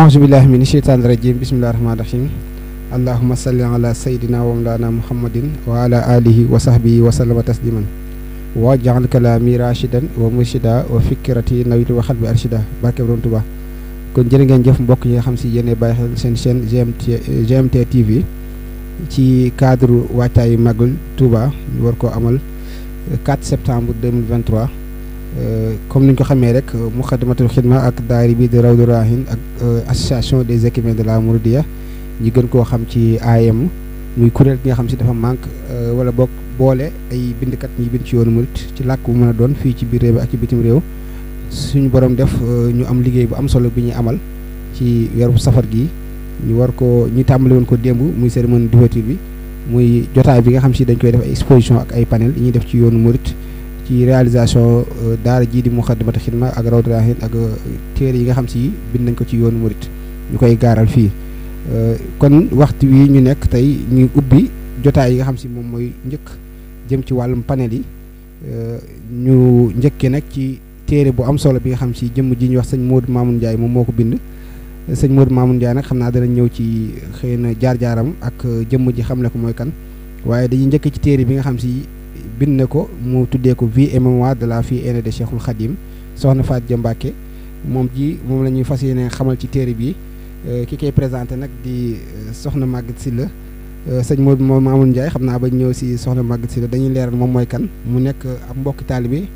ahousubillahi min sheytaani rajim bisimillahi rahmani rahim allahuma salli ala sayidina wa muhammadin wa ala alihi wa sahbihi wa sallama tasliman wa jaxal kalaami rachidan wa murshida wa fikrati nawitu wa xalbi arshida barke borom Tuba kon jërë ngeen jëf mbokk yi nga xam si yéene bàyyi xel seen chaîne GMT GMT TV ci cadre waajtaayu màggal Tuba ñu war koo amal 4 Euh, comme ni ñu ko xamee rek euh, Muxaddamatul Xidma ak daari bi di Rawdu Rahin ak euh, association des équipements de la Mouridiya ñu gën koo xam ci AM muy kuréel gi nga xam si dafa manque wala bokk boole ay bindkat ñi bind ci yoonu murit ci làkk bu mën a doon fii ci biir réew ak ci bitim réew suñu borom def ñu am liggéey bu am solo bi ñuy amal ci weeru safar gi ñu war ko ñu tàmbali woon ko démb muy cérémonie d'ouverture bi muy jotaay bi nga xam si dañ koy def ay exposition ak ay ñuy def ci yoonu murit ci réalisation euh, daar jii di Moukhaddamatoul Khidma ak Rawdu Rahin ak euh, téere yi nga xam si bind nañ ko ci yoonu murit ñu koy gaaral fii euh, kon waxtu wi ñu nekk tey ñu ubbi jotaay yi nga xam si moom mooy njëkk jëm ci wàllum panel yi ñu njëkkee nag ci téere bu am solo bi nga xam si jëmm ji ñu wax sëñ Modou Mamoun Ndiaye moom moo ko bind sëñ Modou Mamoun Ndiaye nag xam naa danañ ñëw ci xëy na jaar-jaaram ak jëmm ji xam ne ko mooy kan waaye dañuy njëkk ci téere bi nga xam si bind na ko mu tuddee ko vie et mémoire de la fille aînée de Cheikhul Khadim soxna Faat Ja Mbàkke moom ji moom la ñuy fas yéene xamal ci téere bi euh, ki koy présenté nag di euh, soxna Maguette Sylla euh, sëñ Modou moom Mamoun Ndiaye xam naa ba ñëw si soxna Maguette Sylla dañuy leeral moom mooy kan mu nekk ab mbokki taalibe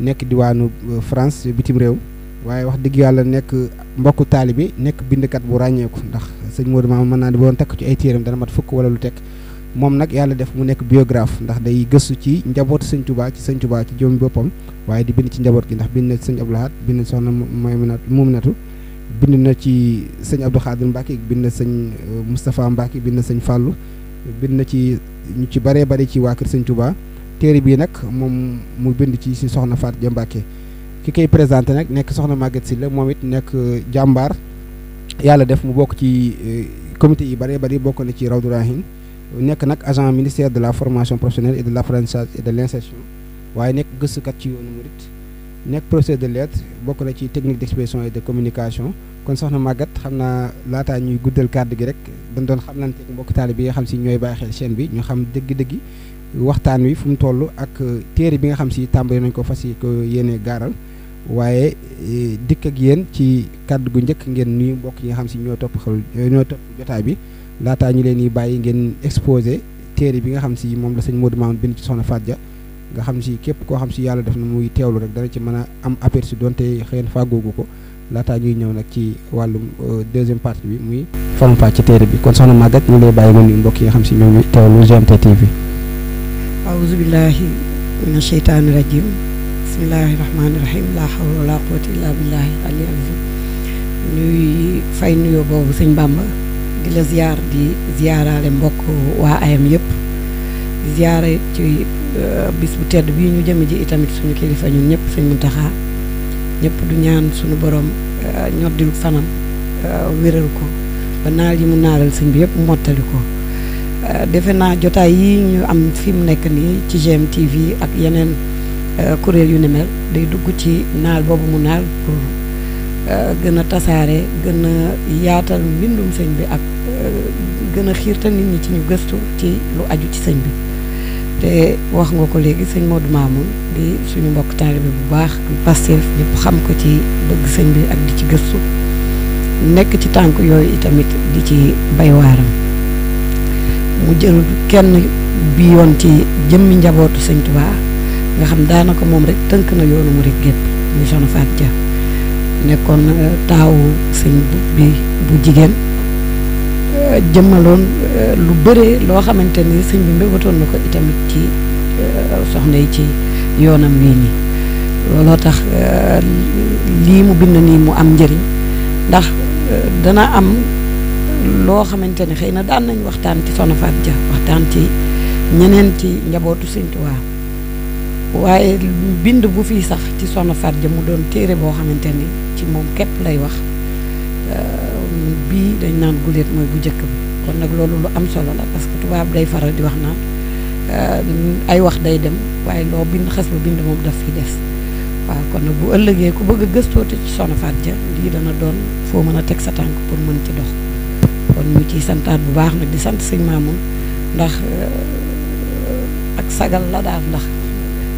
nekk diwaanu France bitim réew waaye wax dëgg yàlla nekk mbokku taalibe nekk bindkat bu ràññeeku ndax sëñ Modou Mamoun mën naa di boon tekk ci ay téeram dana mat fukk wala lu tekk moom nag yàlla def mu nekk biographe ndax day gëstu ci njaboot sëñ Touba ci sëñ Touba ci jëm boppam waaye di bind ci njaboot gi ndax bind na ci sëñ Abdou Lahad bind na ci soxna Mouminatou bind na ci sëñ Abdou Khadir bind na sëñ euh, Moustapha Mbacke bind sëñ Fallou bind na ci ñu ci baree bari ci waa kër sëñ Touba téere bii nag moom mu bind ci si soxna Faat Ja Mbacke ki koy présenté nag nekk soxna Maguette Sylla moom it nekk euh, jàmbaar yàlla def mu bokk ci euh, comité yi baree bari bokk na ci Rawdu Rahin nekk nag agent ministère de la formation professionnelle et de l'apprentissage et de l'insertion waaye nekk gëstukat ci yoonu murit nekk professeur de lettres bokk na ci technique d'expression et de communication kon soxna Maguette xam naa laataa ñuy guddal kàddu gi rek dañ doon xam ak mbokk taali bi nga xam si ñooy bàyyi xel bi ñu xam dëgg dëggi waxtaan wi fu mu toll ak téere bi nga xam si tàmbali nañ ko fas yi ko yéene gaaral waaye e, dikk ak yéen ci kàddu gu njëkk ngeen nuyu mbokk yi nga xam si ñoo topp xel ñoo topp jotaay bi laataa ñu leen di bàyyi ngeen exposé téere bi nga xam si moom la sëñ Modou Mamoune bind ci soxna Fadja nga xam si képp koo xam si yàlla def na muy teewlu rek dana ci man a am aperçu donte xëy na fàggoogu ko laataa ñuy ñëw nag ci wàllum euh, deuxième partie bi muy faram fàcce ci téere bi kon soxna Maguette ñu lay bàyyi nga nuyu mbokk nga xam si ñoom ñuy teewlu GMT TV. awuzu billahi mina sheytaani rajim bismillahi rahmaani rahim laa hawla wala quwwata illa billahi sëñ Bamba. di la ziar di ziaraale mbokk waa ayam yëpp di ci euh, bis bu tedd bii ñu jëm ji itamit suñu kilifa ñun ñëpp sëñ taxa ñépp du ñaan suñu boroom euh, ñoddilu fanam euh, wéral ko ba naal yi mu naalal sëñ bi yëpp mottali ko defe naa jotaay yi ñu am fi mu nekk nii ci GMTV ak yeneen kuréel yu ni day dugg ci naal boobu mu naal Euh, gën a tasaare gën a yaatal mbindum sëñ bi ak euh, gën a xiirtal nit ñi ci ñu gëstu ci lu aju ci sëñ bi te wax nga ko léegi sëñ Modou Mamoun di suñu mbokk bi bu baax am Pastef xam ko ci bëgg sëñ bi ak di ci gëstu nekk ci tànk yooyu itamit di ci bay waaram mu jël kenn bi yoon ci jëmmi njabootu sëñ Touba nga xam daanaka moom rek tënk na yoonu mu rek gépp ñu soxna Fatou nekkoon euh, taawu sëñ bi bu jigéen euh, jëmmaloon euh, lu bëree loo xamante ni sëñ bi mbébatoon na ko itamit ci soxna yi ci yoonam wii nii looloo tax lii mu bind nii mu am njariñ ndax dana am loo xamante ne xëy na daan nañ waxtaan ci Soxna Faat Ja waxtaan ci ñeneen ci njabootu sëñ Tuubaa waaye bind bu fii sax ci Soxna Faat Ja mu doon téere boo xamante ni ci moom képp lay wax euh, bii dañ naan guléet mooy bu njëkk bi kon nag loolu lu am solo la parce que tubaab day faral di wax naan euh, ay wax day dem waaye loo bind xas ba bind moom daf fi des waaw kon nag bu ëllëgee ku bëgg a gëstoote ci Soxna Faat Ja lii dana doon foo mën a teg sa tànk pour mën ci dox kon ñu ciy santaat bu baax nag di sant sëñ Maamun ndax euh, ak sagal la daal ndax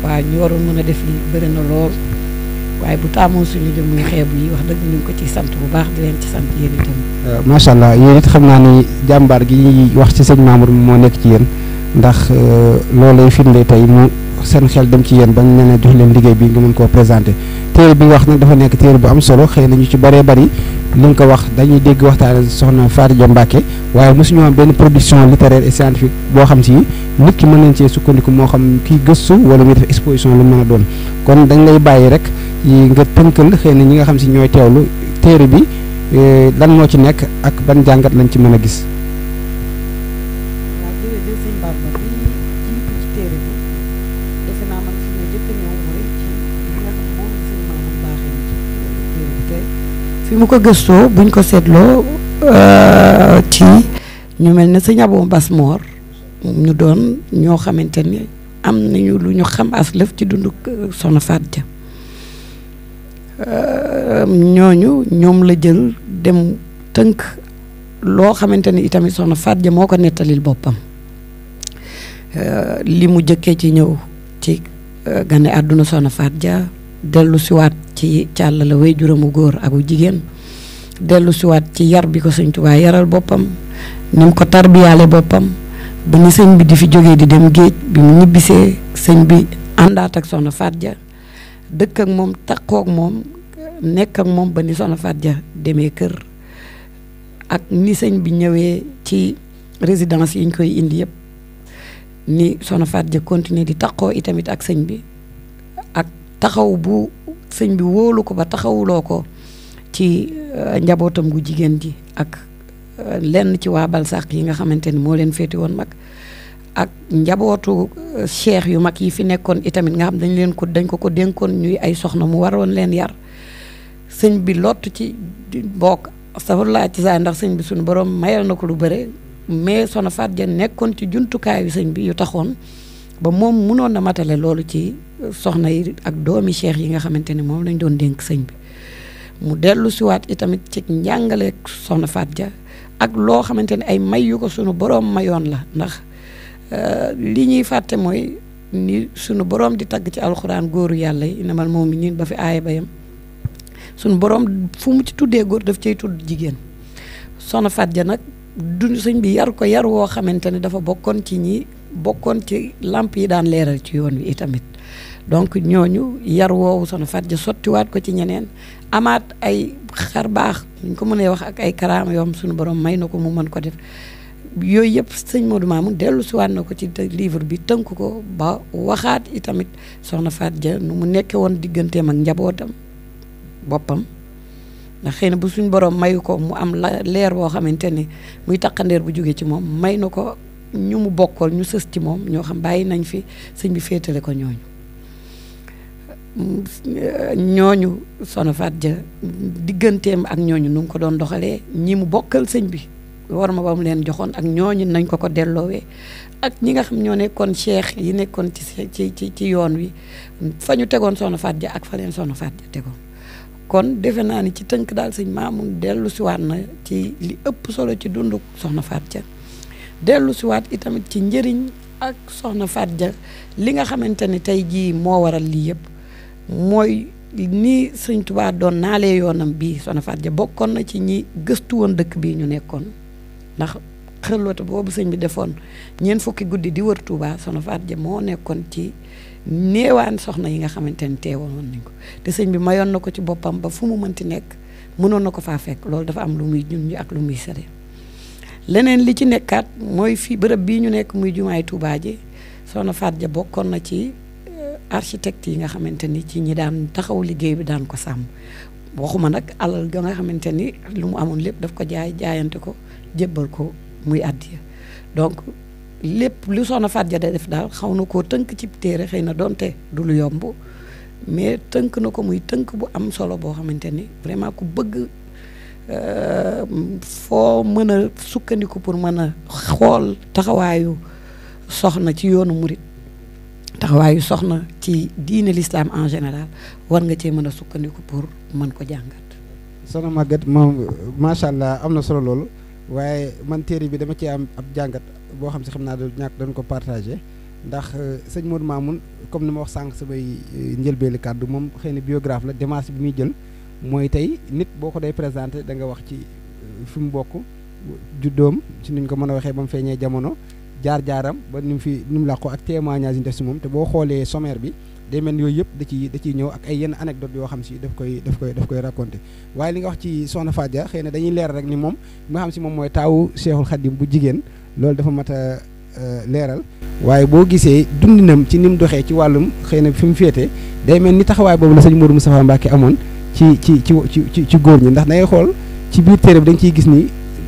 waaw ñu waroon mën a def lii bëri na lool waaye bu taamoo suñu jëm muy xeeb yi wax dëgg ñu ko ci sant bu baax di leen ci sant yéen itam. Euh, macha allah yéen it xam naa ni jàmbaar gi ñuy wax ci sëñ Mamour moo nekk ci yéen ndax euh, loolu loolay firnde tey mu seen xel dem ci yéen bañ ne ne jox leen liggéey bi nga mën koo présenté téere bi wax nag dafa nekk téere bu am solo xëy na ñu ci bëree bari li nga ko wax dañuy dégg waxtaan soxna Faty Dia Mbacke waaye mosuñu am benn production littéraire et scientifique boo xam si nit mën nañ cee sukkandiku moo xam kii gëstu wala muy exposition lu mën a kon dañ lay bàyyi rek yi nga tënkal xëy na ñi nga xam si ñooy teewlu téere bi eh, lan moo ci nekk ak ban jàngat lañ ci mën a gis. fi mu ko gëstoo buñ ko seetloo euh, ci ñu mel ne sëñ Abou Bass ñu doon ñoo xamante ni am nañu lu ñu xam as ci dundu euh, Soxna Fatou Euh, ñooñu ñoom la jël dem tënk loo xamante ni itamit soxna Faat Ja moo ko nettalil boppam euh, li mu jëkkee ci ñëw ci euh, gane àdduna soxna Faat Ja dellu siwaat ci càll la way juramu góor aku jigéen dellu siwaat ci yar bi ko sëñ Tuubaa yaral boppam ni ko tarbiyaale boppam ba ni sëñ bi di fi jógee di dem géej bi mu ñibbisee sëñ bi àndaat ak soxna Faat Ja dëkk ak moom takkook moom nekk ak moom ba ni soxna Fatou demee kër ak ni sëñ bi ñëwee ci résidence yiñ koy indi yëpp ni soxna Fatou Dia continuer di takkoo itamit ak sëñ bi ak taxaw bu sëñ bi wóolu ko ba taxawuloo ko ci euh, njabootam gu jigéen ji ak euh, lenn ci waa Balsàq yi nga xamante ni moo leen féeti woon mag ak njabootu euh, cheikh yu mag yi fi nekkoon itamit nga xam dañ leen ko dañ ko ko dénkoon ñuy ay soxna mu waroon leen yar sëñ bi lott ci bokk astafurlaa ci saa ndax sëñ bi suñu borom mayal na ko lu bëre mais soxna Faat Jeen nekkoon ci jumtukaayu sëñ bi yu taxoon ba moom munoon na matale loolu ci euh, soxna yi ak doomi cheikh yi nga xamante ne moom lañ doon dénk sëñ bi mu dellu siwaat itamit ci njàngale soxna Faat Ja ak loo xamante ne ay may yu ko sunu borom mayoon la ndax Euh, li ñuy fàtte mooy ni sunu borom di tagg ci alxuraan góoru yàlla yi man moom mi nii ba fi aaya bayam suñu borom fu mu ci tuddee góor daf cay tudd jigéen soxna Faat Ja nag du sëñ bi yar ko yar woo xamante ne dafa bokkoon ci ñi bokkoon ci làmp yi daan leeral ci yoon wi itamit donc ñooñu yar woowu soxna Faat Ja sottiwaat ko ci ñeneen amaat ay xar baax ñu ko mënee wax ak ay karaama yoo suñu sunu borom may na ko mu mën ko def yooyu yëpp sëñ Modou Mamoun dellu si waat na ko ci livre bi tënk ko ba waxaat itamit soxna Faat Dia nu mu nekkee woon digganteem ak njabootam boppam xëy na bu suñ borom mayu ko mu am leer boo xamante ni muy taqandeer bu jóge ci moom may na ko ñu mu bokkal ñu sës moom ñoo xam bàyyi nañ fi sëñ bi féetale ko ñooñu ñooñu soxna Faat Dia digganteem ak ñooñu nu mu ko doon doxalee ñi mu bokkal sëñ bi war ma ba mu leen joxoon ak ñooñu nañ ko ko delloowee ak ñi nga xam ñoo nekkoon cheikh yi nekkoon ci ci ci ci yoon wi fa ñu tegoon soxna Faat Ja ak fa leen soxna Faat Ja kon defe naa ni ci tënk daal sëñ Maamun dellu siwaat na ci li ëpp solo ci dundu soxna Faat Ja itamit ci njëriñ ak soxna Faat Ja li nga xamante ni tey jii moo waral lii yëpp mooy nii sëñ Tuubaa doon naalee yoonam bii soxna Faat Ja bokkoon na ci ñi gëstu woon dëkk bii ñu nekkoon ndax xëlwata boobu sëñ bi defoon ñeent fukki guddi di wër Touba soxna Faat Ja moo nekkoon ci néewaan soxna yi nga xamante ni teewoon nañ ko te sëñ bi mayoon na ko ci boppam ba fu mu mënti nekk mënoon na ko faa fekk loolu dafa am lu muy ñun ñu ak lu muy sëre leneen li ci nekkaat mooy fii bërëb bii ñu nekk muy jumaay Touba ji soxna Faat Ja bokkoon na ci euh, architecte yi nga xamante ni ci ñi daan taxaw liggéey bi daan ko sàmm waxuma nag alal ga nga xamante ni lu mu amoon lépp daf ko jaay jaayante ko jébbal ko muy àddiya donc lépp lu soxna Faat Ja def daal xaw na ko tënk ci téere xëy na donte dul lu yomb mais tënk na ko muy tënk bu am solo boo xamante ni vraiment ku bëgg euh, foo mën a sukkandiku pour mën a xool taxawaayu soxna ci yoonu murit taxawaayu soxna ci diine l'islam en général war nga cee mën a sukkandiku pour mën ko jàngat. soxna màgget moom macha allah am na solo loolu. waaye man téere bi dama cee am ab jàngat boo xam si xam naa du ñàkk dañ ko partagé ndax euh, sëñ Modou Mamoun comme ni ma wax sànq samay euh, njëlbeelu kàddu moom xëy na biographe la démarche bi muy jël mooy tey nit boo ko dee présenter da nga wax ci euh, fi mu bokk juddoom ci nuñ ko mën a waxee ba mu feeñee jamono jaar-jaaram ba nu mu fi ni mu làqoo ak témoignage yi ñu def si moom te boo xoolee sommaire bi day mel ni yooyu yëpp da ciy da ciy ñëw ak ay yenn anecdote yoo xam si daf koy daf koy daf koy raconté waaye li nga wax ci soxna Fadia xëy na dañuy leer rek ni moom nga xam si moom mooy taawu Cheikhul Khadim bu jigéen loolu dafa mat a euh, leeral waaye boo gisee dundinam ci ni doxee ci wàllum xëy na fi mu féete day mel ni taxawaay boobu la sëñ Modou Moustapha Mbacke amoon ci ci ci ci ci góor ñi ndax da xool ci biir téere bi dañ ciy gis ni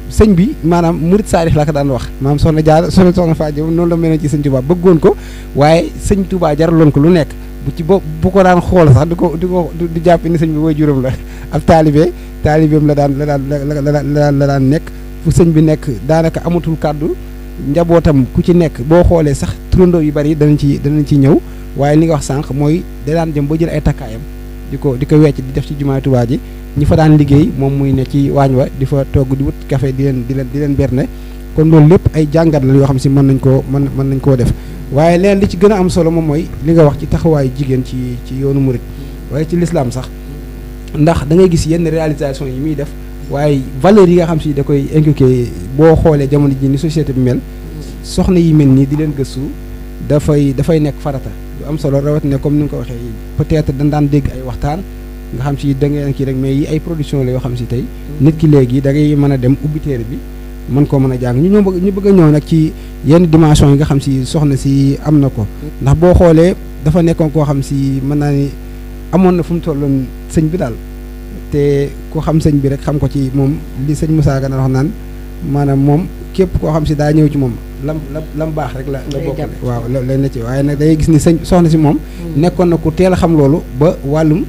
sëñ bi maanaam murit saarix la ko daan wax maanaam soxna jaar soxna soxna Fadio noonu la mel ne ci sëñ Touba bëggoon ko waaye sëñ Touba jaraloon ko lu nekk bu ci bo bu ko daan xool sax di ko di ko di jàpp ni sëñ bi way juróom la ab taalibe taalibeem la daan la daan la daan la daan nekk fu sëñ bi nekk daanaka amatul kàddu njabootam ku ci nekk boo xoolee sax turandoo yu bari danañ ci danañ ci ñëw waaye li nga wax sànq mooy da daan jëm ba jël ay takkaayam di ko di ko wecc di def ci jumaay ji ñi fa daan liggéey moom muy ne ci waañ wa di fa togg di wut café di leen di leen di leen kon loolu lépp ay jàngat la yoo xam si mën nañ koo mën mën nañ koo def waaye leen li ci gën a am solo moom mooy li nga wax ci taxawaayu jigéen ci ci yoonu rek waaye ci lislaam sax ndax da gis yenn réalisation yi muy def waaye valeur yi nga xam si da koy inculquer boo xoolee jamono ji ni société bi mel soxna yi mel nii di leen gësu dafay dafay nekk farata lu am solo rawet ne comme ni nga ko waxee peut-être dañ daan dégg ay waxtaan nga xam si da ngeen kii rek mais yi ay production la yoo xam si tey nit ki léegi da ngay mën a dem ubbi bi mën koo mën a jàng ñu ñoo bëgg ñu bëgg a ñëw nag ci yenn dimension yi nga xam si soxna si am na ko ndax boo xoolee dafa nekkoon koo xam si mën naa ni amoon na fu mu tolloon sëñ bi daal te ku xam sëñ bi rek xam ko ci moom li sëñ Moussa na wax naan maanaam moom képp koo xam si daa ñëw ci moom lam la lam baax rek la la bokk waaw lay na ci waaye nag day gis ni sëñ soxna si moom mm. nekkoon na ku teel a xam loolu ba wàllum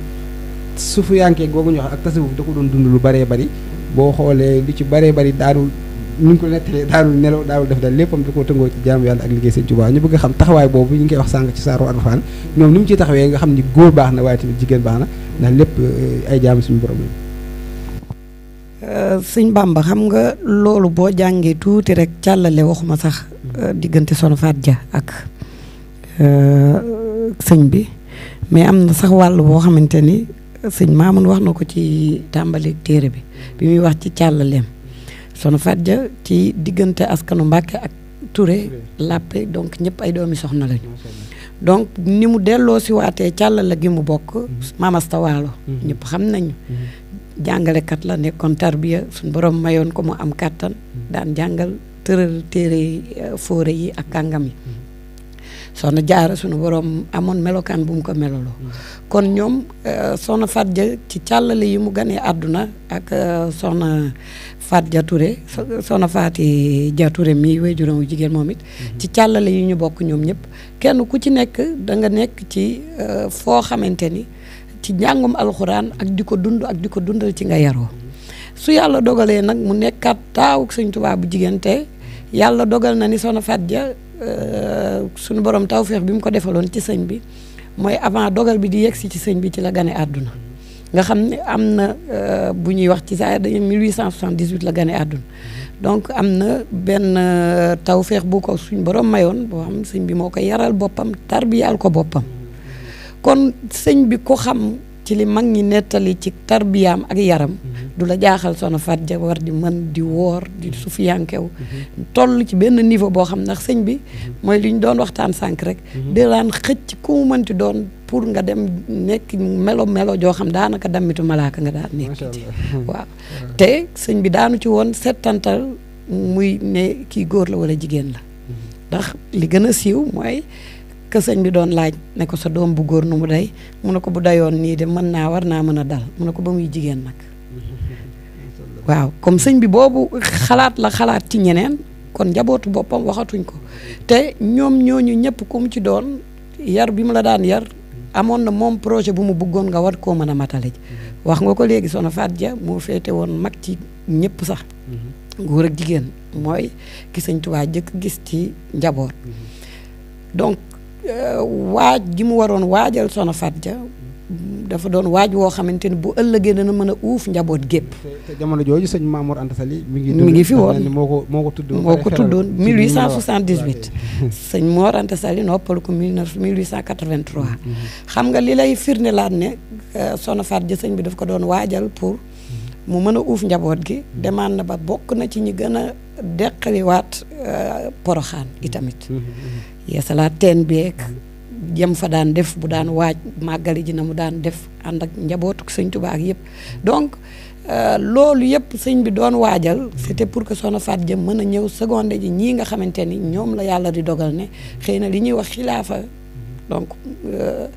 sufu yankee googu ñu wax ak tasawuf da ko doon dund lu baree bari boo xoolee lu ci baree bari daanul ñu ngi ko nettalee daanul nelaw daanul def daal léppam da koo tëngoo ci jaamu yàlla ak liggéey sëñ Tuubaa ñu bëgg xam taxawaay boobu ñu ngi koy wax sànq ci saaru Alxuraan ñoom ni mu ciy taxawee nga xam ni góor baax na waaye tamit jigéen baax eh, ay jaam suñu borom la euh, xam nga loolu boo jàngee tuuti rek càllale waxuma sax euh, diggante Soxna Faat Ja ak euh, sëñ bi mais am na sax wàll boo xamante ni sëñ maa Maamun wax na ko ci tàmbali téere bi bi muy wax ci càllaleem soxna Fat ci diggante askanu Mbàkke ak ture Lappé donc ñëpp ay doomi soxna lañu donc ni mu delloo si waatee càlla la gi mu bokk mhm. mamasta waalo mhm. ñëpp xam nañ mhm. jàngalekat la nekkoon tarbiya suñ borom mayoon ko mu am kàttan daan jàngal tëral téere yi euh, fóore yi ak kàngam yi soxna jaara suñu borom amoon melokaan bu mu ko meloloo kon ñoom euh, soxna Fat Dia ci càllale yi mu ganee àdduna ak euh, soxna Fat Diatouré soxna Faati Diatouré mii waajuram wu jigéen moom it mhm. ci càllale yi ñu bokk ñoom ñëpp kenn ku ci nekk da nga nekk ci euh, foo xamante ni ci njàngum alxuraan ak di ko dund ak di ko dundal ci nga yaroo su yàlla dogalee nag mu nekkaat taawu Sëñ Tuubaa bu jigéen te yàlla dogal na ni soxna Fat Dia euh, sunu borom tawféex bi mu ko defaloon ci sëñ bi mooy avant dogal bi di yegsi ci sëñ bi ci la gane àdduna nga xam ne am na euh, bu ñuy wax ci saa dañu 1878 la gane àdduna donc am na benn euh, tawféex bu ko suñ borom mayoon boo xam sëñ bi moo ko yaral boppam tarbiyaal ko boppam kon sëñ bi ko xam ci li mag ñi nettali ci tarbiyaam ak yaram du la jaaxal sono fat ja di mën di woor di sufiyankew toll ci benn niveau boo xam ndax sëñ bi mooy li ñu doon waxtaan sànq rek mhm. di daan xëcc ku mu mënti doon pour nga dem nekk melo melo joo xam daanaka dammitu malaaka nga daan nekk waaw te sëñ bi daanu ci woon settantal muy ne kii góor la wala jigéen la mm-hmm. ndax li gën a siiw mooy que sëñ bi doon laaj ne ko sa doom bu góor nu mu day mu ne ko bu dayoon nii de mën naa war naa mën a dal mu ne ko ba muy jigéen nag mm-hmm. waaw comme sëñ bi boobu xalaat la xalaat ci ñeneen kon njabootu boppam waxatuñ ko mm-hmm. te ñoom ñooñu ñëpp ku mu ci doon yar bi mu la daan yar amoon na moom projet bu mu bëggoon nga war koo mën a matale ji mm-hmm. wax nga ko léegi sono Fatou Dia moo féete woon mag ci ñëpp sax mm-hmm. góor ak jigéen mooy ki Sëñ Tuubaa jëkk gis ci njaboot mm-hmm. donc euh, waaj gi mu waroon waajal sono Fatou Dia dafa doon waaj woo xamante ni bu ëllëgee na mën a uuf njaboot gépp te jamono jooju sëñ Mamour Anta Sali mi ngi mi ngi fi woon moo ko moo ko tudd moo ko tuddoon 1878 sëñ Mor Anta Sali noppal ko 1883 mm-hmm. xam nga li lay firnde laat ne euh, sono faat sëñ bi daf ko doon waajal pour mu mën a uuf njaboot gi mm-hmm. demaan na ba bokk na ci ñi gën a deqaliwaat euh, poroxaan itamit mm-hmm. yeesalaat teen beek yem fa daan def bu daan waaj màggali ji na mu daan def ànd ak njabootu sëñ Tuba ak yëpp donc euh, loolu yëpp sëñ bi doon waajal c'était pour que Soxna Faat Jëm mën a ñëw seconde ji ñii nga xamante ni ñoom la yàlla di dogal ne xëy na li ñuy wax xilaafa donc euh,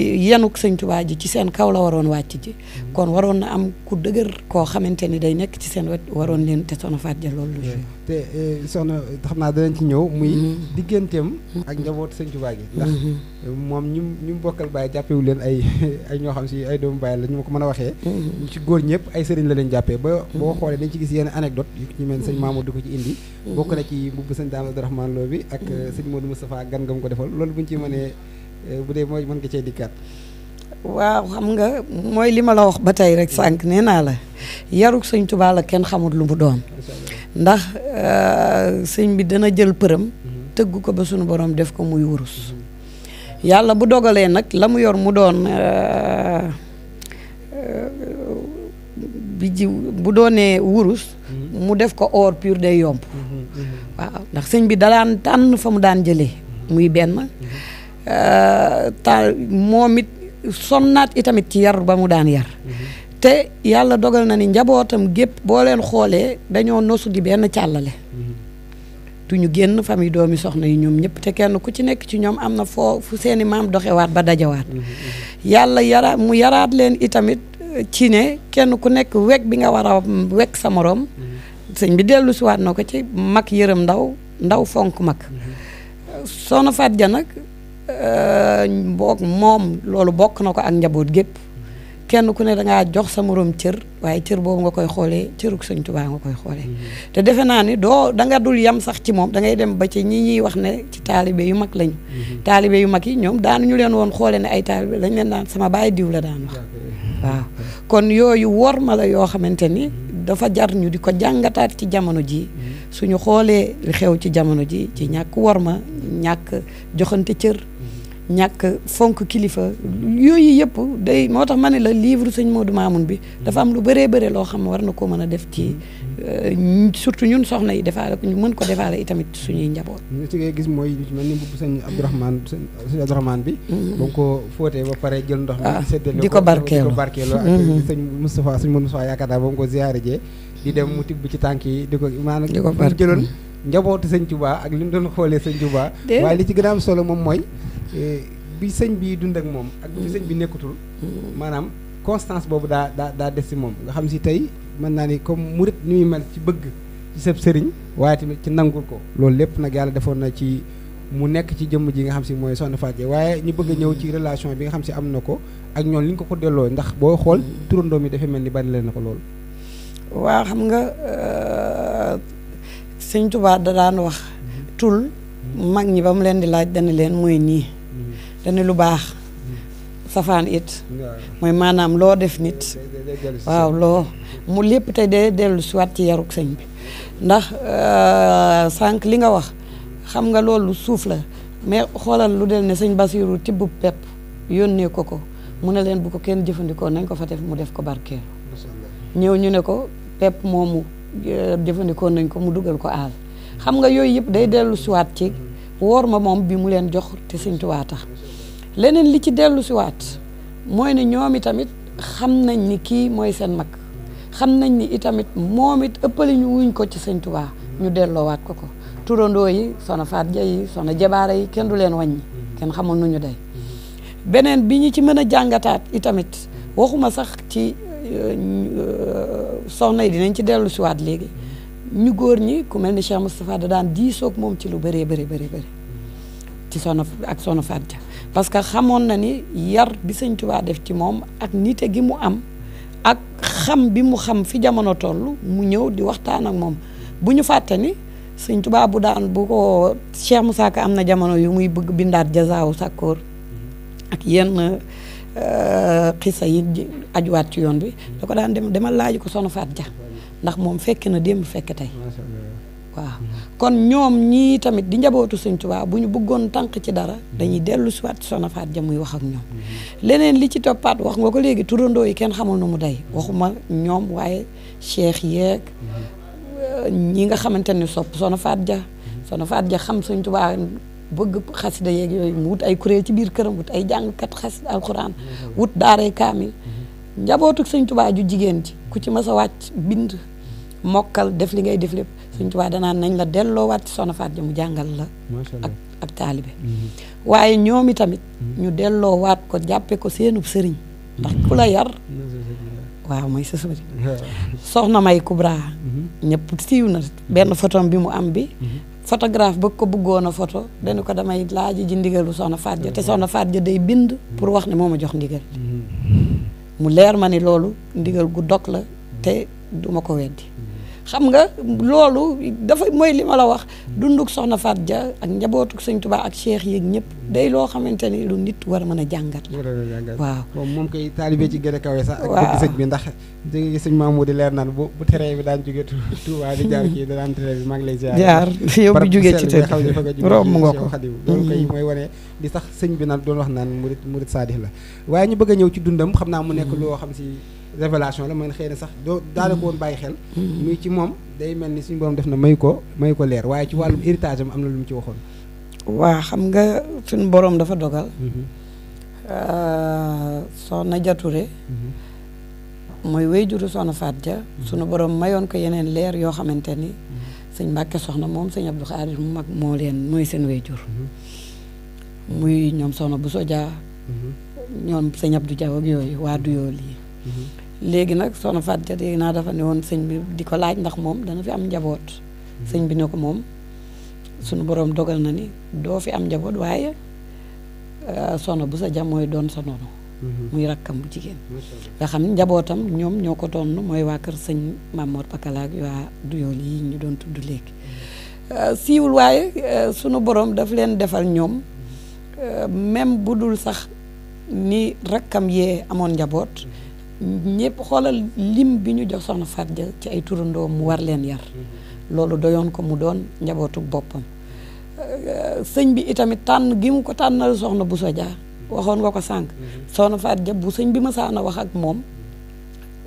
yanuk sëñ Tuubaa ji ci seen kaw la waroon wàcc ji kon waroon na am ku dëgër koo xamante ni day nekk ci seen wet waroon leen te soxna Faat Ja loolu leen te eh, soxna xam naa danañ ci ñëw muy mm-hmm. digganteem mm-hmm. ak njabootu sëñ Tuubaa gi ndax mm-hmm. moom ñu ñu bokkal bàyyi jàppewu leen ay ñoo xam si ay doomu bàyyi la ñu ma ko mën a waxee ci góor ñëpp ay sëriñ la leen jàppee ba boo xoolee dañ ci gis yenn anecdote yu ñu mel sëñ Mamadou di ko ci indi bokk na ci mbubb sëñ Daam Abdourahmane Lo bi ak eh, sëñ Modou Moustapha gan ngam ko defal loolu buñ ci mënee Eh, bu dee mën nga cee dikkaat. waaw xam nga mooy li ma la wax ba tey rek sànq nee naa la yaruk sëñ Tuubaa kenn xamut lu mu doon ndax euh, sëñ bi dana jël përëm tëgg ko ba suñu boroom def ko muy wurus yàlla bu dogalee nag la mu yor mu doon euh, euh, ji bu doonee wurus mu def ko or pur day yomb mm-hmm. Mm-hmm. waaw ndax sëñ bi dalaan tànn fa mu daan jëlee muy benn Euh, taal moom it sonnaat itamit ci yar ba mu daan yar mm-hmm. te yàlla dogal na ni njabootam gépp boo leen xoolee dañoo nosu di benn càllale mm-hmm. du ñu génn famille doomi soxna yi ñoom ñëpp te kenn ku ci nekk ci ñoom am na foo fu seeni maam doxewaat ba dajawaat mm-hmm, yàlla yara mu yaraat leen itamit euh, ci ne kenn ku nekk wekk bi nga war a wekk sa morom sëñ bi dellu siwaat na ko ci mag yërëm ndaw ndaw fonk mag soxna Faat Ja nag Euh, boog moom loolu bokk na ko ak njaboot gépp kenn ku ne dangaa jox sa morom cër waaye cër boobu nga koy xoolee cëruk sëñ Tuubaa nga koy xoolee mm-hmm. te defe naa ni doo danga dul yem sax ci moom dangay dem ba ci ñi ñuy wax ne ci taalibe yu mag lañu mm-hmm. taalibe yu mag yi ñoom daan ñu leen woon xoole ay taalibe lañ leen daan sama baay daan wax waaw kon yooyu wor ma la yoo xamante ni dafa jar di ko jàngataat ci jamono ji mm-hmm. suñu xoolee xew ci jamono ji ci ñàkk wor ma ñàkk joxante cër ñàkk fonk kilifa yooyu yëpp day moo tax ma ne la livre sëñ Modou Mamoun bi dafa am lu bëree bëre loo xam ne war na koo mën a def ci euh, surtout ñun soxna yi defaale ñu mën ko defaale itamit suñuy njaboot. li ngay gis mooy mel ni bu sëñ Abdourahmane sëñ bi. Mm-hmm. ba nga ko fóotee ba pare jël ndox mi. Ah, di ko barkeeloo di ko barkeeloo ak mm-hmm. sëñ Moustapha sëñ Moustapha yaakaar naa ba nga ko ziyaare jee di dem mu tibb ci tànk yi di ko maanaam di ko jëloon njabootu sëñ Touba ak li ñu doon xoolee sëñ Touba waaye li ci gën a am solo moom mooy Eh, bi sëñ bi dund ak moom ak bi sëñ bi nekkatul maanaam constance boobu daa daa daa des si moom nga xam si tey mën naa ni comme murit ni muy mel ci bëgg ci sab sëriñ waaye tamit ci nangul ko loolu lépp nag yàlla defoon na ci mu nekk ci jëmm ji nga xam si mooy soxna Fatou waaye ñu bëgg ñëw ci relation bi nga xam si am na ko ak ñoom li ñu ko ko delloo ndax boo xool turandoo mi dafa mel ni bari leen ko loolu waaw xam nga euh, sëñ Tuubaa da daan wax tul mag ñi ba leen di laaj dana leen mooy nii dañu lu baax safaan it mooy maanaam loo def nit waaw loo mu lépp tey day dellu siwaat ci yaruk sëñ bi ndax euh, sànq li nga wax xam nga loolu suuf la mais xoolal lu del ne sëñ Basiiru tibb pepp yónnee ko ko mu ne leen bu ko kenn jëfandikoo nañ ko fa def mu def ko barkeelu ñëw ñu ne ko pepp moomu euh, jëfandikoo nañ ko mu dugal ko aal xam nga yooyu yëpp day dellu siwaat ci wóor ma moom bi mu leen jox te Sëñ Tuubaa tax leneen li ci dellu si waat mooy ne ñoom itamit xam nañ ni kii mooy seen mag xam nañ ni itamit moom it ëppali ñu wuñ ko ci Sëñ Tuubaa ñu delloowaat ko ko turandoo yi soxna Faat Ja yi soxna Jabaara yi kenn du leen wàññi kenn xamul nu ñu day beneen bi ñu ci mën a jàngataat itamit waxuma sax ci euh, euh, soxna yi dinañ ci dellu si waat léegi ñu góor ñi ku mel ni Cheikh Moustapha da daan diisoog moom ci lu bëree bëri bëri bëri ci sono ak sono Fatia parce que xamoon na ni yar bi sëñ Tuubaa def ci moom ak nite gi mu am ak xam bi mu xam fi jamono toll mu ñëw di waxtaan ak moom bu ñu fàtte ni sëñ tubaa bu daan bu ko Cheikh Moussa Ka am na jamono yu muy bëgg bindaat jazaawu sàkkoor ak yenn euh, xisa yi ajuwaat ci yoon bi da ko daan dem demal laaj ko sono ja ndax moom fekk na démb fekk tey waaw kon ñoom ñii tamit di njabootu Sëñ Tuubaa bu ñu bëggoon tànk ci dara dañuy mm-hmm. dellu si waat Soxna Faat Ja muy wax ak ñoom mm-hmm. leneen li ci toppaat wax nga ko léegi turandoo yi kenn xamul nu mu day waxuma ñoom waaye cheikh yeeg mm-hmm. ñi nga xamante ne sopp Soxna Faat Ja Soxna Faat Ja xam Sëñ Tuubaa bëgg xasida yeeg yooyu mu wut ay kuréel ci biir këram wut ay jàng jàngkat xas alxuraan wut daaray kaamil njabootu Sëñ Tuubaa ju jigéen ci ku ci mas a wàcc bind mokkal def li ngay def lépp suñ tubaa danaan nañ la delloowaat soxna Faat ja mu jàngal la ak ak mhm. waaye ñoom i tamit mhm. ñu waat ko jàppe ko seenub sëriñ ndax ku la yar waaw mooy sa sëriñ soxna may Kubra mhm. ñëpp siiw na benn photom bi mu am bi photographe ba ko bëggoon a photo dañu ko damay laaj ji ndigalu soxna Faat ja te soxna Faat ja day bind pour wax ne moo ma jox ndigal mu leer ma ni loolu ndigal gu dog la te duma ko weddi xam nga loolu dafa mooy li ma la wax dunduk soxna Fat ja ak njabootuk sëñ Tuubaa ak cheikh yeeg ñëpp day loo xamante ni lu nit war a man a jàngat la waaw moom moom koy taalibe ci gën a kawe sax ak bëgg sëñ bi ndax dégg sëñ Mamour di leer naan bu bu teree bi daan jóge Tuubaa di jaar kii daan teree bi maa ngi lay jaar yow bi jógee ci tëdd romb nga ko xadim loolu koy mm-hmm. mooy di sax sëñ bi naan doon wax naan murit murit saadix la waaye ñu bëgg a ñëw ci dundam xam naa mu nekk loo xam si révélation la mooy xëy na sax doo daale ko woon bàyyi xel muy mm-hmm. ci moom day mel ni suñ borom def na may ko may ko leer waaye ci wàllum mm-hmm. héritage am am na lu mu ci waxoon waa xam nga suñu boroom dafa dogal mm-hmm. euh, soxna Jature mooy wéy juru soxna Faat Ja suñu borom mayoon ko yeneen leer yoo xamante ni sëñ Mbàkke soxna moom sëñ Abdou Xaadir mu mag moo leen mooy seen wéy muy ñoom soxna bu soja ñoom sëñ Abdou Jaw ak yooyu waa du yoo lii léegi nag sono Fatou Dia naa dafa ne woon sëñ bi di ko laaj ndax moom dana fi am njaboot. Mhm. sëñ bi ne ko moom sunu boroom dogal na ni doo fi am njaboot waaye euh, soxna bu sa jam mooy doon sa noonu. Mhm. muy rakkam bu njabootam ñoom ñoo ko doon mooy waa kër sëñ Mamor Pakala ak waa duyool yi ñu doon tudd léegi. Mhm. Euh, siiwul waaye euh, sunu boroom daf leen defal ñoom même bu dul sax ni rakkam yee amoon njaboot. ñëpp xoolal lim bi ñu jox soxna Faat Ja ci ay turandoo mu war leen yar loolu doyoon ko mu doon njabootu boppam euh, sëñ bi itamit tànn gi mu ko tànnal soxna bu Dia waxoon nga ko sànq soxna Faat Ja bu sëñ bi ma saana wax ak moom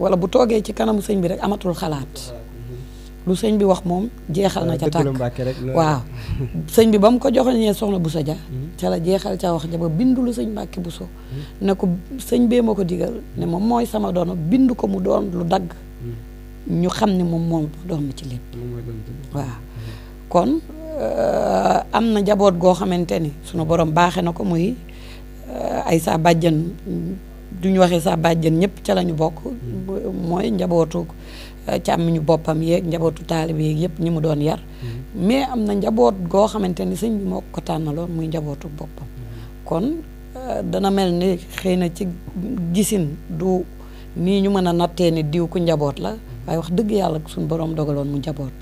wala bu toogee ci kanamu sëñ bi rek amatul xalaat lu sëñ bi wax moom jeexal na ca tàkk waaw sëñ bi ba mu ko joxoñee soxna sa Dia mm-hmm. ca la jeexal ca wax ja ba bindu lu sëñ bu Bousso mm-hmm. ne ko sëñ bee ma ko digal ne moom mooy sama doon bind ko mu doon lu dagg mm-hmm. ñu xam ni moom moom doon na ci lépp waaw kon euh, am na jaboot goo xamante ni sunu borom baaxe na ko muy euh, ay saa bàjjan duñ waxee sax bàjjen ñëpp ca la ñu bokk mooy njabootu euh, càmmiñu boppam yeeg njabootu taalibe yeeg yëpp ñi mu doon yar mm-hmm. mais am na njaboot goo xamante ni sëñ bi moo ko tànnaloon muy njabootu boppam mm-hmm. kon euh, dana mel ni xëy na ci gisin du nii ñu mën a nattee ni diw ku njaboot la mm-hmm. waaye wax dëgg yàlla suñ borom dogaloon mu njaboot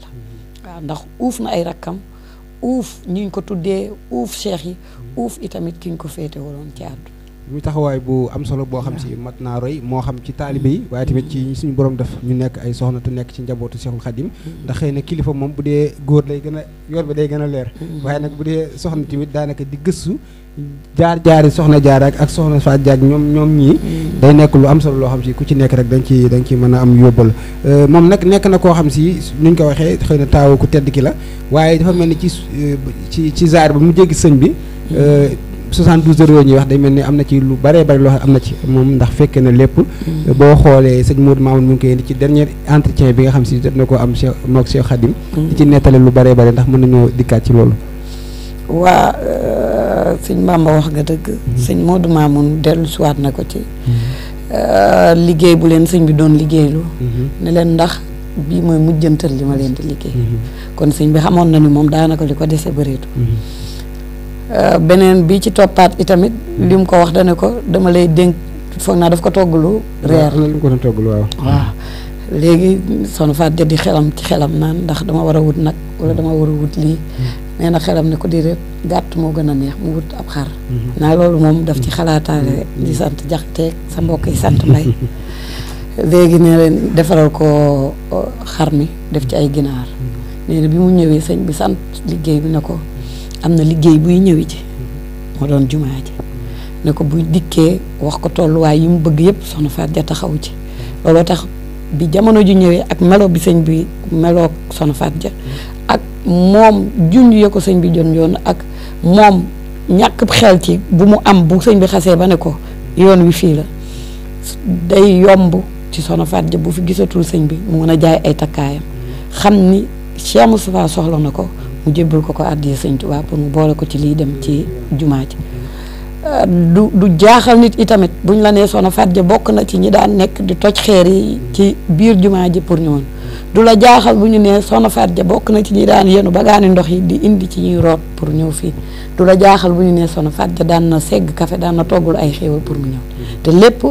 la waaw ndax uuf na ay rakkam uuf ñiñ ko tuddee uuf cheikh yi uuf itamit ki ñu ko féete waloon ci àddu muy taxawaay bu am solo boo xam si mat naa roy moo xam ci taalibe yi waaye tamit ci suñu borom def ñu nekk ay soxna tu nekk ci njabootu Seexul Xadim ndax xëy na kilifa moom bu dee góor lay gën a yor bi day gën a leer waaye nag bu dee soxna tamit daanaka di gëstu jaar jaari soxna jaar ak soxna Faat Jaaj ñoom ñoom ñii mm. day nekk lu am solo loo xam si ku ci nekk rek dañ ci dañ ci mën a am euh, moom nag nekk na koo xam si nuñ ko waxee xëy na taawu ku tedd ki la waaye dafa mel ni ci euh, ci ci zaar ba mu jéggi sëñ bi mm. euh, 72 heures yooyu ñuy wax day mel ni am na ci lu bëree bëri loo xam am na ci moom ndax fekke na lépp mm. boo xoolee sëñ Modou Mamoun mu ngi koy indi ci dernier entretien bi nga xam si jot na ko am Cheikh mook Cheikh Khadim mm. di ci nettale lu bare bëri ndax mën nañoo dikkaat ci loolu waa euh, sëñ Bamba wax nga dëgg mm-hmm. sëñ Modou Mamoun dellu siwaat na ko ci mm-hmm. euh, liggéey bu leen sëñ bi doon liggéeylu mm-hmm. ne leen ndax bii mooy mujjantal li ma leen di liggéey kon sëñ bi xamoon na ni moom daanaka li ko dese bëreetu Euh, beneen bi ci toppaat itamit li hmm. mu ko wax dana ko dama lay dénk foog naa daf ko toggalu reer lu ko doon toggalu waaw waaw léegi son di xelam ci xelam naan ndax dama war a wut nag wala hmm. dama war a wut lii hmm. nee na xelam ne ko di rek gàtt moo gën a neex mu wut ab xar naa loolu moom daf ci xalaataale rek di sant jaxteeg sa mbokk yi sant may léegi ne leen defaral ko euh, xar mi def ci ay ginaar nee bi mu ñëwee sëñ bi sant liggéey bi ne ko am na liggéey buy ñëwi ci moo doon jumaa ji ne ko buy dikkee wax ko tolluwaay yi mu bëgg yëpp soxna Faat ja taxawu ci looloo tax bi jamono ju ñëwee ak melo bi sëñ bi meloo soxna Faat ak moom junj sëñ bi jon yoon ak moom ñàkk xel ci bu mu am bu sëñ bi xasee ba ne ko yoon wi fii la day yomb ci soxna Faat ja bu fi gisatul sëñ bi mu mën a jaay ay takkaayam xam ni Cheikh Moustapha soxla na ko mu jébbal ko ko àddiya sëñ Tuubaa pour mu boole ko ci liy dem ci jumaa ji euh, du jaaxal nit i tamit buñ la nee Soxna Faty Dia bokk na ci ñi daan nekk di toj xeer yi ci biir jumaa ji pour ñoon du la jaaxal bu ñu nee Soxna Faty bokk na ci ñi daan yenu bagaani ndox yi di indi ci ñuy root pour ñëw fii du la jaaxal bu ñu nee Soxna Faty Dia daan na segg kafe daan na toggul ay xéewal pour mu ñëw te lépp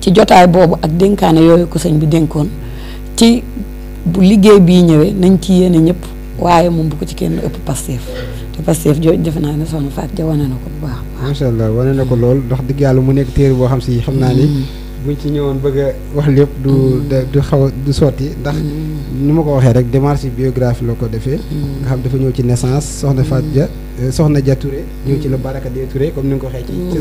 ci jotaay boobu ak dénkaane yooyu ko sëñ bi dénkoon ci bu liggéey bii ñëwee nañ ci yéene ñëpp waaye moom bu ko ci kenn ëpp Pastef te Pastef jooju defe naa ne soxna Fatou ja wane na ko bu baax. macha allah wane na ko lool ndox dëgg yàlla mu nekk téere boo xam si xam naa ni. Mm-hmm. bu buñ ci ñëwoon bëgg wax lépp du du xaw a du sorti ndax ni ma ko waxee rek démarche biographie la ko defee nga xam dafa ñëw ci naissance soxna Fatou ja euh, soxna Dia Touré ñëw ci la Baraka Dia Touré comme ni nga ko waxee ci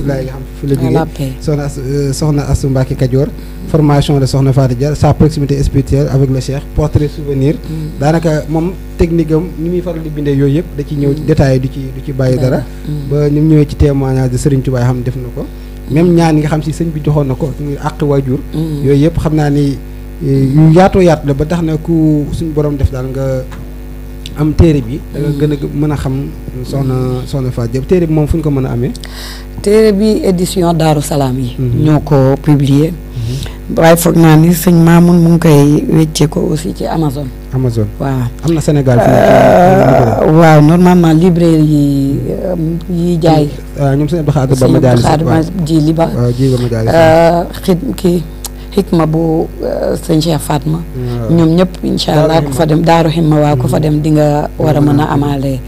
la jógee soxna euh, soxna Astou Mbacké Kajoor formation de soxna Fatou ja sa proximité spirituelle avec le Cheikh portrait souvenir mm. daanaka moom technique am ni muy faral di bindee yooyu yëpp da ci ñëw mm. détail du ci du bàyyi dara mm. ba ni mu ñëwee ci témoignage de Serigne Touba xam def na ko même ñaan yi nga xam si sëñ bi joxoon na ko àq waajur mm-hmm. yooyu yëpp xam naa ni eh, yu yaatoo yaat la ba tax na ku suñu borom def daal nga am téere bi da mm-hmm. gën a mën a xam soxna soxna Fatou Diop téere bi moom fu ñu ko mën a amee téere bi édition Daaru Salaam yi mm-hmm. ñoo ko publier waaye foog naa ni sëñ Mamoun mu ngi koy wéccee ko aussi ci Amazon. Amazon waa am na Sénégal. Euh, waaw normalement librairie yi euh, yiy jaay. Euh, ñoom sëñ Abdou Khadre Ba Madialis ji li ba. xit kii xikma bu sëñ Cheikh ma ñoom ñëpp incha allah ku fa dem daaru ma waa ko fa dem di nga war a mën a amaale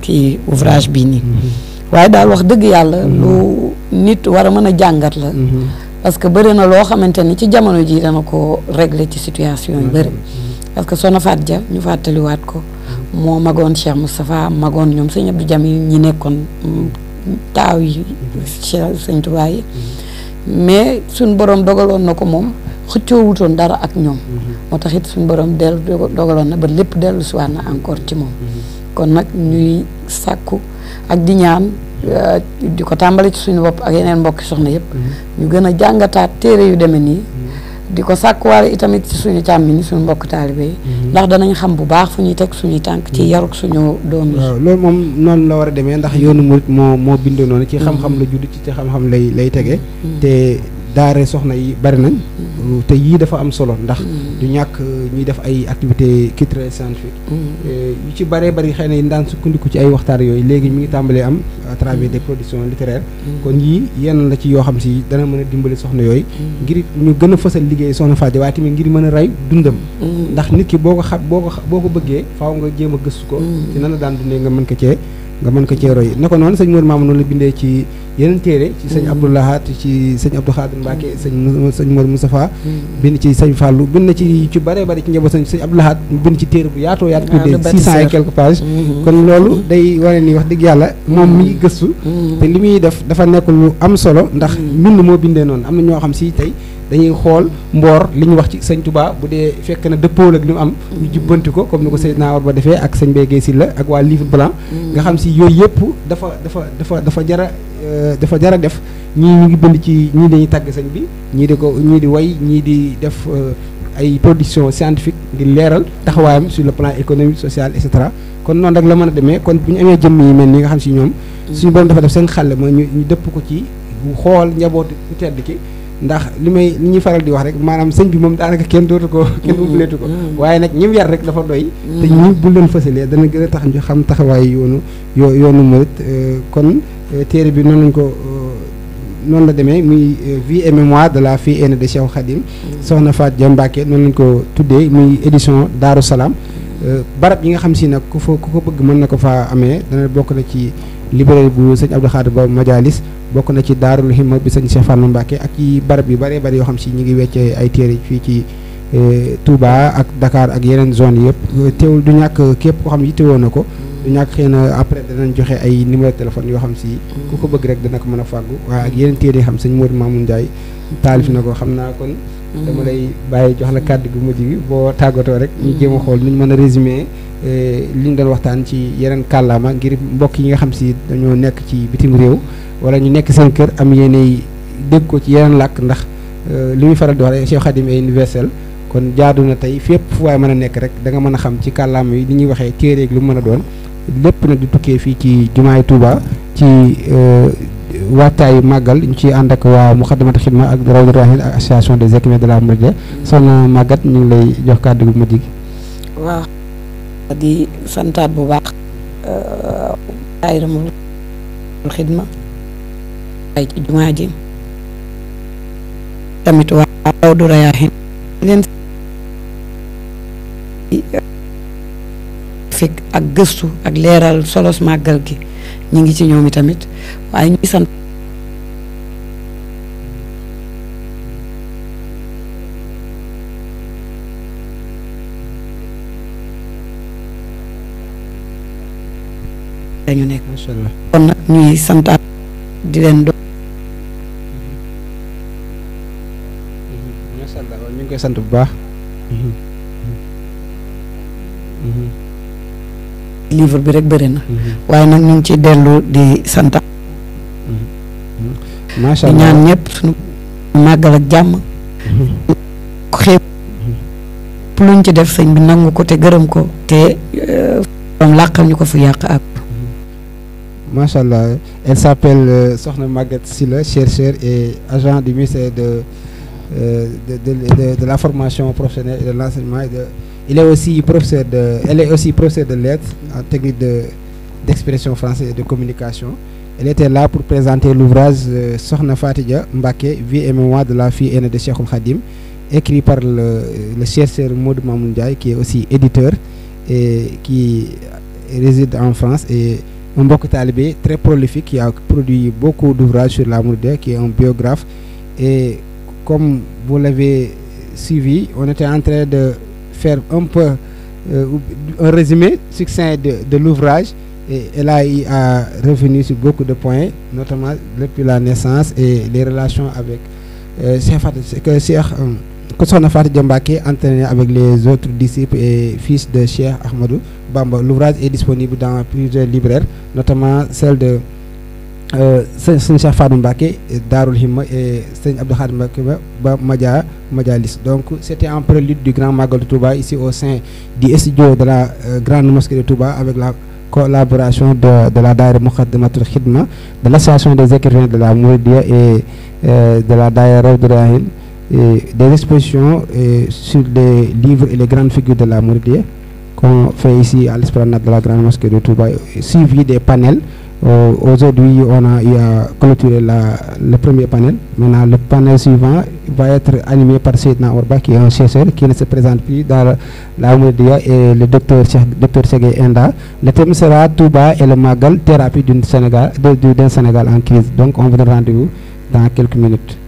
kii ouvrage bii nii. Mhm. waaye daal wax dëgg yàlla lu mhm. nit war a mën a jàngat la. Mhm. parce que bëri na loo xamante ni ci jamono ji dana ko réglé ci situation yu bëri mhm. parce que Soxna faat Dia ñu fàttaliwaat ko moo magoon Cheikh Moustapha magoon ñoom sëñ Jam yi ñi nekkoon taaw yi Cheikh sëñ mais suñ borom dogaloon na ko moom xëccoo wutoon dara ak ñoom mhm. moo tax it suñ borom dellu dogaloon na ba lépp dellu siwaat na encore ci moom mhm. kon nag ñuy sàkku ak di ñaan Euh, di ko tàmbali ci suñu bopp ak yeneen mbokki soxna yëpp ñu gën a jàngataat téere yu demee nii di ko sàkkuwaale itamit ci suñu càmmiñ suñu mbokk taalibe yi ndax danañ xam bu baax fu ñuy teg suñuy tànk ci yaruk suñu doom yi loolu moom noonu la war a demee ndax yoonu murit moo moo bindoo noonu ci xam-xam la judd ci ci xam-xam lay lay tege mm-hmm. daare soxna yi bari nañ te yii dafa am solo ndax mm. du ñàkk euh, ñuy def ay activité culturelle scientifique mm. euh, yu ci baree bari xëy na yi daan sukkandiku ci ay waxtaan yooyu léegi mi ngi tàmbalee am à de mm. des productions kon yii yenn la ci yoo xam si dana mën a dimbali soxna yooyu ngir ñu gën a fësal liggéey soxna Fadia waaye tamit ngir mën a rey dundam ndax nit ki boo ko xam boo ko boo ko bëggee faw nga jéem a gëstu ko ci nan la daan dundee nga mën ko cee nga mën ko cee roy na ci yeneen téere ci sëñ mm-hmm. Abdou ci sëñ Abdou Khadir Mbacke mm-hmm. sëñ sëñ Mor Moustapha mm-hmm. bind ci sëñ Fallou bind na ci ci bare bare ci njaboot sëñ sëñ Abdou Lahat bind ci téere bu yaatoo yaat tuddee six cent et quelques pages kon loolu day wane ni wax dëgg yàlla moom mi gëstu te li muy def dafa nekk lu am solo ndax mbind moo bindee noonu am na ñoo xam si tey dañuy xool mboor li ñu wax ci sëñ Touba bu dee fekk na dëppoo ak ñu mu am ñu jubbanti ko comme ni ko Seydina war ba defee ak sëñ Mbaye Guèye Sylla ak waa livre blanc nga xam si yooyu yëpp dafa dafa dafa dafa jara euh, dafa jara def ñii ñu ngi bind ci ñii dañuy tàgg sëñ bi ñii di ko ñii di way ñii di def euh, ay production scientifique ngir leeral taxawaayam sur le plan économie social et cetera kon noonu rek la mën a demee kon bu ñu amee jëm yi mel ni nga xam si ñoom suñu borom dafa def seen xale mooy ñu ñu dëpp ko ci bu xool njaboot ku tedd ki ndax li may li ñuy faral di wax rek maanaam sëñ bi moom daanaka kenn dootu ko kenn mm-hmm. ubbileetu ko mm-hmm. waaye nag ñim yar rek dafa doy te mm-hmm. ñu bu leen fësalee dana gën a tax ñu xam taxawaayu yoonu yoo yoonu murit euh, kon euh, téere bi noonu lañ ko euh, noonu la demee muy vie et mémoire de la fille aînée de Cheikh Khadim soxna Faat Dia Mbacke noonu lañ ko tuddee muy édition Daaru Salaam barab yi nga xam si nag ku fa ku ko bëgg mën na ko faa amee dana bokk na ci librairie bu sëñ Abdou Khadir ba Majalis bokk na ci daarul himma bi sëñ Cheikh Fallou Mbacke ak ci barab yu bare bëri yoo xam si ñu ngi weccee ay téere fii ci eh, Touba ak Dakar ak yeneen zone yëpp teewul du ñàkk képp koo xam yittewoo na ko du ñàkk xëy na après danañ joxe ay numéro téléphone yoo xam si ku ko bëgg rek dana ko mën a fàggu waaye ak yeneen téere yi xam sëñ Modou Mamoun Ndiaye taalif na ko xam naa kon dama lay bàyyi jox la kàddu gu mujj gi boo tàggatoo rek ñu jéem a xool nu ñu mën a résumé eh, li ñu doon waxtaan ci yeneen kàllaama ngir mbokk yi nga xam si dañoo nekk ci bitim réew wala ñu nekk seen kër am yeneen dégg ko ci yeneen làkk ndax eh, li muy faral di wax rek Cheikh Khadim kon jaadu na tey fépp fu mën a nekk rek da nga mën a xam ci kàllaama yi ni ñuy waxee téere lu mën a doon lépp nag di tukkee fii ci jumaay Touba ci euh, waajtaayu màggal ñu ciy ànd ak waa Muxaddamata Xidma ak Rawdu Raxin ak association des écrivains de la Mouride soxna Maguette ñu ngi lay jox kàddu gu mujj gi. waaw di santaat bu baax. Euh, daayira Xidma ay ci jumaa ji tamit waa Rawdu Raxin leen trafic ak gëstu ak leeral solos màggal gi ñu ngi ci ñoom mi tamit waaye ñu ngi sant dañu nekk kon nag ñuy santaat di leen do ñu ngi koy sant bu baax mm-hmm. Mm-hmm. Mm-hmm. livre bi rek bëri na. waaye nag ñu ngi ciy dellu di sant. macha allah di ñaan ñëpp suñu màggal ak jàmm. xeeb luñ ci def sëñ bi nangu ko te gërëm ko te moom euh, làqal ñu ko fu yàq ak. macha allah elle s'appelle euh, Soxna Maguette Sylla chercheur et agent du ministère euh, de de de de la formation professionnelle et de l'enseignement et de. Il est aussi professeur de, elle est aussi professeure de lettres en technique de, d'expression française et de communication. Elle était là pour présenter l'ouvrage euh, Sokhna Fatidia Mbacké, Vie et mémoire de la fille aînée de Cheikhoul Khadim, écrit par le, le chercheur Maud Mamoun qui est aussi éditeur et qui réside en France et un mbokk talibé très prolifique qui a produit beaucoup d'ouvrages sur la Mouridia, qui est un biographe. Et comme vous l'avez suivi, on était en de faire un peu euh, un résumé succinct de, de l'ouvrage et, et, là il a revenu sur beaucoup de points, notamment depuis la naissance et les relations avec euh, que Cheikh euh, Fatou Diambake entraîné avec les autres disciples et fils de Cheikh Ahmadou Bamba. L'ouvrage est disponible dans plusieurs libraires, notamment celle de Euh, sëñ sëñ Cheikh Fadou Mbacké Daarul Himma et sëñ Abdou Khadim Mbacké ba Madia Madialis donc c'était en prélude du Grand Magal de Touba ici au sein du studio de la euh, Grande Mosquée de Touba avec la collaboration de de la Daïra Moukhaddamatoul Khidma de l'association des écrivains de la Mouridiyya et euh, de la Daïra Rawdu Rayaahin des expositions sur les livres et les grandes figures de la Mouridiyya qu'on fait ici à l'esplanade de la Grande Mosquée de Touba suivi des panels Euh, Aujourd'hui, on a, il la, le premier panel. Maintenant, le panel suivant va être animé par Seydna Orba, qui est un chercheur qui ne se présente plus dans la média, et le docteur, docteur Segei Enda. Le thème sera Touba et le Magal, thérapie d'un Sénégal, Sénégal en crise. Donc, on vous rendez-vous dans quelques minutes.